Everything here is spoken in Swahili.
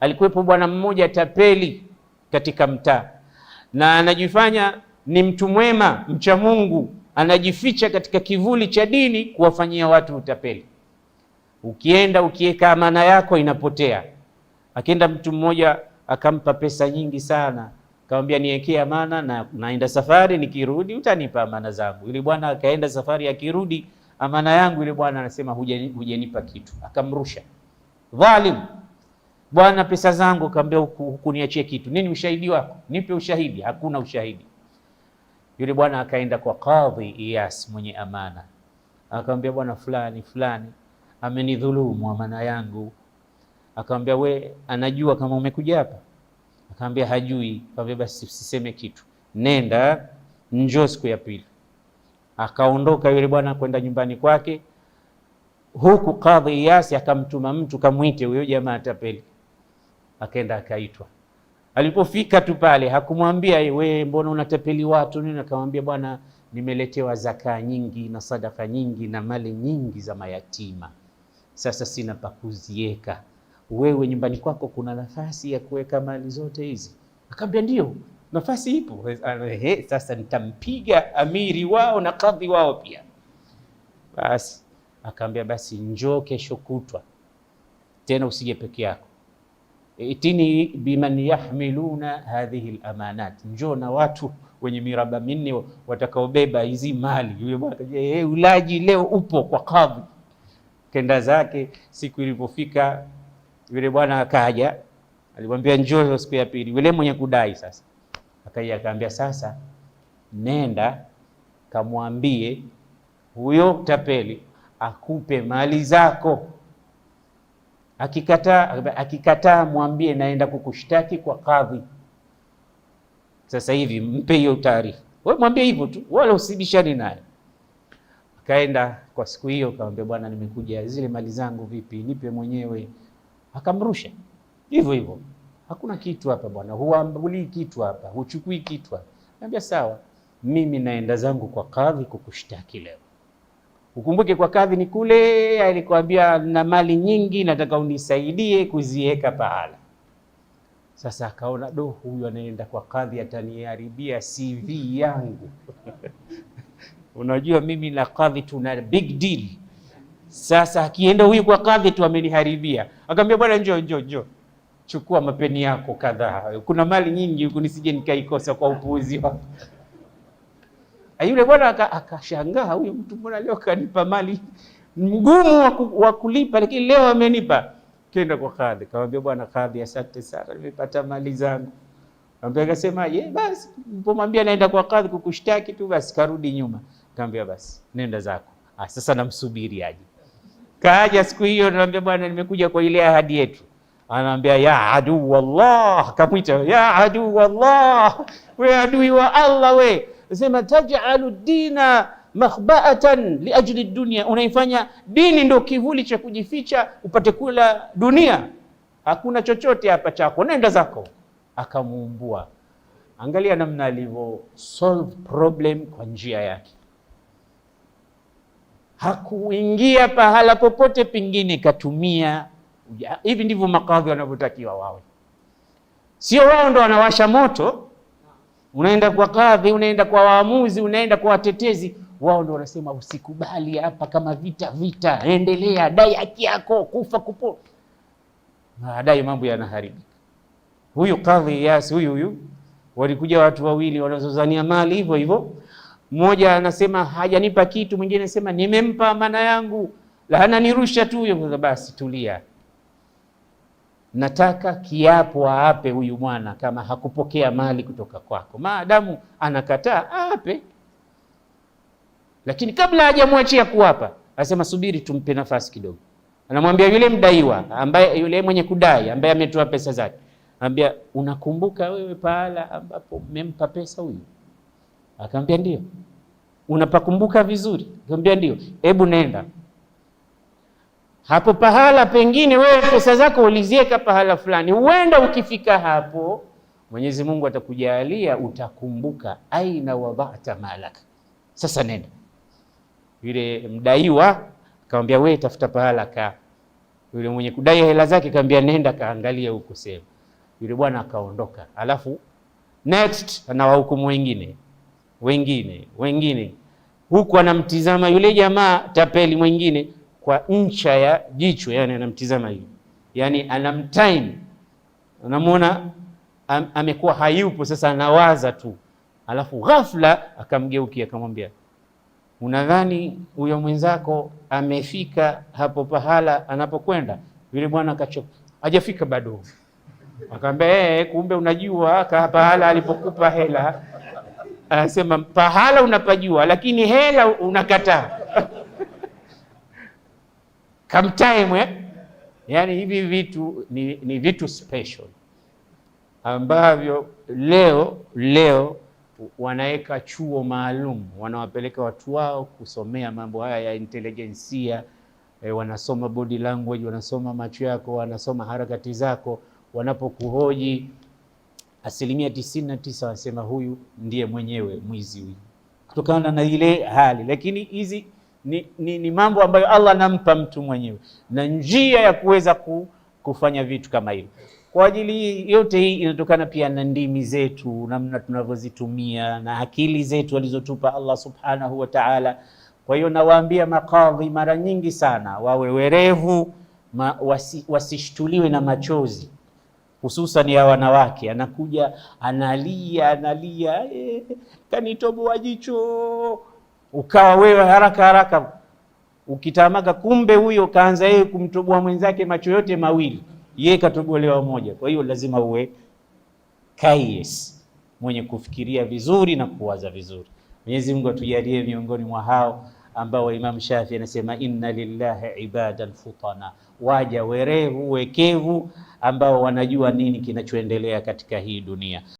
Alikuwepo bwana mmoja tapeli katika mtaa, na anajifanya ni mtu mwema, mcha Mungu, anajificha katika kivuli cha dini kuwafanyia watu utapeli. Ukienda ukiweka amana yako inapotea. Akienda mtu mmoja akampa pesa nyingi sana, akamwambia niwekee amana na naenda safari, nikirudi utanipa amana zangu. Yule bwana akaenda safari, akirudi amana yangu, yule bwana anasema hujanipa kitu, akamrusha. Dhalim bwana, pesa zangu. Kaambia hukuniachie kitu. Nini ushahidi wako? Nipe ushahidi. Hakuna ushahidi. Yule bwana akaenda kwa Kadhi Iyas mwenye amana, akamwambia bwana fulani fulani amenidhulumu amana yangu. Akamwambia we, anajua kama umekuja hapa? Akamwambia hajui. Akamwambia basi usiseme kitu, nenda njoo siku ya pili. Akaondoka yule bwana kwenda nyumbani kwake, huku Kadhi Iyas akamtuma mtu, kamwite huyo jamaa tapeli akaenda akaitwa. Alipofika tu pale hakumwambia we, mbona unatapeli watu nini? Akamwambia bwana, nimeletewa zakaa nyingi na sadaka nyingi na mali nyingi za mayatima, sasa sina pa kuziweka. Wewe nyumbani kwako kuna nafasi ya kuweka mali zote hizi? Akaambia ndio, nafasi ipo. He, sasa nitampiga amiri wao na kadhi wao pia. Basi akaambia basi njoo kesho kutwa tena, usije peke yako itini biman yahmiluna hadhihi lamanat, njoo na watu wenye miraba minne watakaobeba hizi mali. Yule bwana eh, ulaji leo upo kwa kadhi, kenda zake. Siku ilipofika yule bwana akaja, alimwambia njoo siku ya pili. Yule mwenye kudai sasa akaja akaambia, sasa nenda kamwambie huyo tapeli akupe mali zako. Akikataa akikataa, mwambie naenda kukushtaki kwa kadhi sasa hivi, mpe hiyo taarifa. Wewe mwambie hivyo tu, wala usibishani naye. Akaenda kwa siku hiyo, kamwambia bwana, nimekuja zile mali zangu vipi, nipe mwenyewe. Akamrusha hivyo hivyo, hakuna kitu hapa bwana, huambulii kitu hapa, huchukui kitu hapa. Anambia sawa, mimi naenda zangu kwa kadhi kukushtaki leo. Ukumbuke kwa kadhi ni kule alikwambia, na mali nyingi, nataka unisaidie kuziweka pahala. Sasa akaona do, huyu anaenda kwa kadhi ataniharibia CV yangu unajua mimi na kadhi tuna big deal. Sasa akienda huyu kwa kadhi tu ameniharibia. Akamwambia, bwana, njoo njoo njoo, chukua mapeni yako kadhaa, kuna mali nyingi huku, nisije nikaikosa kwa upuuzi wako Ah, yule bwana akashangaa, huyu mtu mbona leo kanipa mali mgumu wa kulipa, lakini leo amenipa. Kenda kwa kadhi, kamwambia bwana kadhi, asante sana, nimepata mali zangu. Kaambia akasema ye, basi nilipomwambia naenda kwa kadhi kukushtaki tu, basi karudi nyuma. Kaambia basi nenda zako. Ah, sasa namsubiri aje. Kaaja siku hiyo, naambia bwana, nimekuja kwa ile ahadi yetu. Anaambia ya adu wallah, kamwita ya adu wallah, we adui wa Allah we zima tajalu dina makhbaatan liajli dunia, unaifanya dini ndio kivuli cha kujificha upate kula dunia. Hakuna chochote hapa chako, nenda zako. Akamuumbua. Angalia namna alivyo solve problem kwa njia yake. Hakuingia pahala popote pengine, katumia hivi. Ndivyo makadhi wanavyotakiwa wawe, sio wao ndo wanawasha moto unaenda kwa kadhi, unaenda kwa waamuzi, unaenda kwa watetezi. Wao ndio wanasema usikubali hapa, kama vita vita, endelea, dai haki yako, kufa kupo, baadaye mambo yanaharibika. Huyu kadhi Yasi huyu huyu, walikuja watu wawili wanazozania mali hivyo hivyo, mmoja anasema hajanipa kitu, mwingine anasema nimempa amana yangu, laana nirusha tu. hiyo. basi tulia nataka kiapo aape huyu mwana kama hakupokea mali kutoka kwako. Maadamu anakataa aape, lakini kabla hajamwachia kuapa, asema subiri, tumpe nafasi kidogo. Anamwambia yule mdaiwa, ambaye yule mwenye kudai, ambaye ametoa pesa zake, anambia unakumbuka wewe pahala ambapo mmempa pesa huyu? Akamwambia ndio. Unapakumbuka vizuri? Akamwambia ndio. Hebu nenda hapo pahala pengine wewe pesa zako uliziweka pahala fulani, huenda ukifika hapo Mwenyezi Mungu atakujalia utakumbuka, aina wadhata malak. Sasa nenda. Yule mdaiwa akamwambia, wewe tafuta pahala ka. Yule mwenye kudai hela zake akamwambia nenda kaangalia huko sema. Yule bwana akaondoka, alafu next anawahukumu wengine wengine wengine, huku anamtizama yule jamaa tapeli mwingine kwa ncha ya jicho, yani anamtizama hivi, yani anamtime, unamwona am, amekuwa hayupo sasa, anawaza tu, alafu ghafla akamgeukia akamwambia, unadhani huyo mwenzako amefika hapo pahala anapokwenda? Yule bwana akachoka, hajafika bado. Akaambia hey, eh, eh, kumbe unajua pahala alipokupa hela. Anasema pahala unapajua, lakini hela unakataa. Kamtime eh? Yani hivi vitu ni, ni vitu special ambavyo leo leo wanaweka chuo maalum, wanawapeleka watu wao kusomea mambo haya ya intelijensia eh, wanasoma body language, wanasoma macho yako, wanasoma harakati zako, wanapokuhoji asilimia tisini na tisa wanasema huyu ndiye mwenyewe mwizi huyu, kutokana na ile hali, lakini hizi ni, ni, ni mambo ambayo Allah anampa mtu mwenyewe na njia ya kuweza ku, kufanya vitu kama hivyo. Kwa ajili yote hii inatokana pia na ndimi zetu, namna tunavyozitumia na akili zetu alizotupa Allah subhanahu wa ta'ala. Kwa hiyo nawaambia makadhi mara nyingi sana wawe werevu ma, wasi, wasishtuliwe na machozi hususan ya wanawake. Anakuja analia analia, eh, kanitoboa jicho ukawa wewe haraka haraka ukitamaka, kumbe huyo kaanza yeye kumtoboa mwenzake macho yote mawili, yeye katobolewa moja. Kwa hiyo lazima uwe kayes, mwenye kufikiria vizuri na kuwaza vizuri. Mwenyezi Mungu atujalie miongoni mwa hao ambao Imam Shafi anasema inna lillahi ibadan futana, waja werevu wekevu ambao wanajua nini kinachoendelea katika hii dunia.